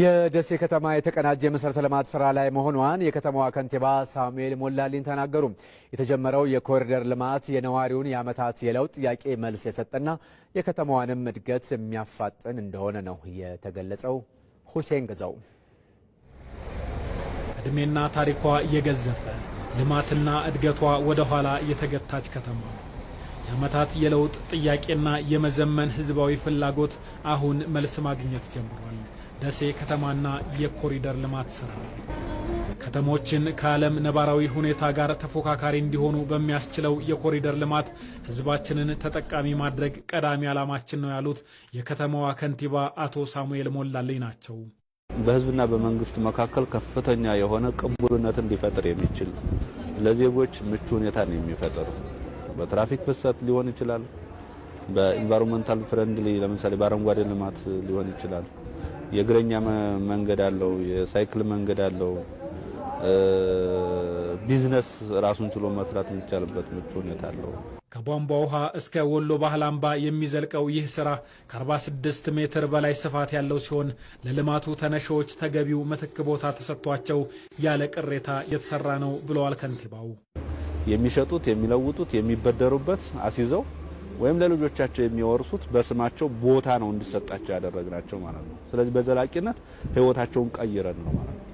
የደሴ ከተማ የተቀናጀ የመሰረተ ልማት ስራ ላይ መሆኗን የከተማዋ ከንቲባ ሳሙኤል ሞላሊን ተናገሩ። የተጀመረው የኮሪደር ልማት የነዋሪውን የአመታት የለውጥ ጥያቄ መልስ የሰጠና የከተማዋንም እድገት የሚያፋጥን እንደሆነ ነው የተገለጸው። ሁሴን ግዛው። እድሜና ታሪኳ እየገዘፈ ልማትና እድገቷ ወደ ኋላ የተገታች ከተማ የአመታት የለውጥ ጥያቄና የመዘመን ህዝባዊ ፍላጎት አሁን መልስ ማግኘት ጀምሯል። ደሴ ከተማና የኮሪደር ልማት ስራ ከተሞችን ከዓለም ነባራዊ ሁኔታ ጋር ተፎካካሪ እንዲሆኑ በሚያስችለው የኮሪደር ልማት ህዝባችንን ተጠቃሚ ማድረግ ቀዳሚ ዓላማችን ነው ያሉት የከተማዋ ከንቲባ አቶ ሳሙኤል ሞላልኝ ናቸው። በህዝብና በመንግስት መካከል ከፍተኛ የሆነ ቅቡልነት እንዲፈጥር የሚችል ለዜጎች ምቹ ሁኔታን የሚፈጥር በትራፊክ ፍሰት ሊሆን ይችላል። በኢንቫይሮንመንታል ፍሬንድሊ ለምሳሌ በአረንጓዴ ልማት ሊሆን ይችላል። የእግረኛ መንገድ አለው፣ የሳይክል መንገድ አለው። ቢዝነስ ራሱን ችሎ መስራት የሚቻልበት ምቹ ሁኔታ አለው። ከቧንቧ ውሃ እስከ ወሎ ባህል አምባ የሚዘልቀው ይህ ስራ ከ46 ሜትር በላይ ስፋት ያለው ሲሆን ለልማቱ ተነሺዎች ተገቢው ምትክ ቦታ ተሰጥቷቸው ያለ ቅሬታ የተሰራ ነው ብለዋል ከንቲባው። የሚሸጡት፣ የሚለውጡት፣ የሚበደሩበት አስይዘው ወይም ለልጆቻቸው የሚወርሱት በስማቸው ቦታ ነው እንዲሰጣቸው ያደረግናቸው ማለት ነው። ስለዚህ በዘላቂነት ህይወታቸውን ቀይረን ነው ማለት ነው።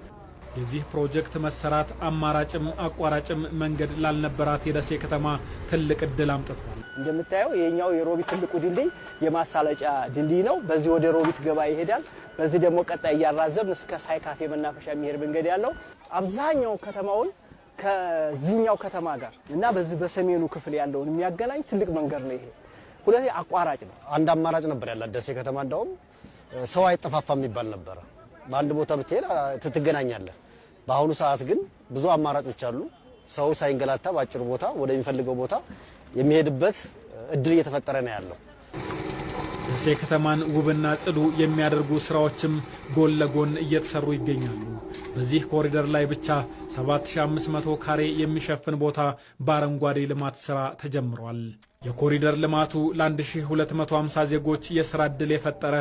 የዚህ ፕሮጀክት መሰራት አማራጭም አቋራጭም መንገድ ላልነበራት የደሴ ከተማ ትልቅ እድል አምጥቷል። እንደምታየው የኛው የሮቢት ትልቁ ድልድይ የማሳለጫ ድልድይ ነው። በዚህ ወደ ሮቢት ገባ ይሄዳል። በዚህ ደግሞ ቀጣይ እያራዘም እስከ ሳይ ካፌ መናፈሻ የሚሄድ መንገድ ያለው አብዛኛው ከተማውን ከዚህኛው ከተማ ጋር እና በዚህ በሰሜኑ ክፍል ያለውን የሚያገናኝ ትልቅ መንገድ ነው ይሄ። ሁለቴ አቋራጭ ነው። አንድ አማራጭ ነበር ያላት ደሴ ከተማ። እንዳውም ሰው አይጠፋፋ የሚባል ነበረ። በአንድ ቦታ ብትሄድ ትትገናኛለህ። በአሁኑ ሰዓት ግን ብዙ አማራጮች አሉ። ሰው ሳይንገላታ በአጭር ቦታ ወደሚፈልገው ቦታ የሚሄድበት እድል እየተፈጠረ ነው ያለው። ደሴ ከተማን ውብና ጽዱ የሚያደርጉ ስራዎችም ጎን ለጎን እየተሰሩ ይገኛሉ። በዚህ ኮሪደር ላይ ብቻ 7500 ካሬ የሚሸፍን ቦታ በአረንጓዴ ልማት ስራ ተጀምሯል። የኮሪደር ልማቱ ለ1250 ዜጎች የሥራ ዕድል የፈጠረ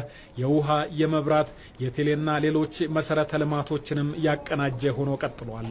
የውሃ፣ የመብራት፣ የቴሌና ሌሎች መሠረተ ልማቶችንም ያቀናጀ ሆኖ ቀጥሏል።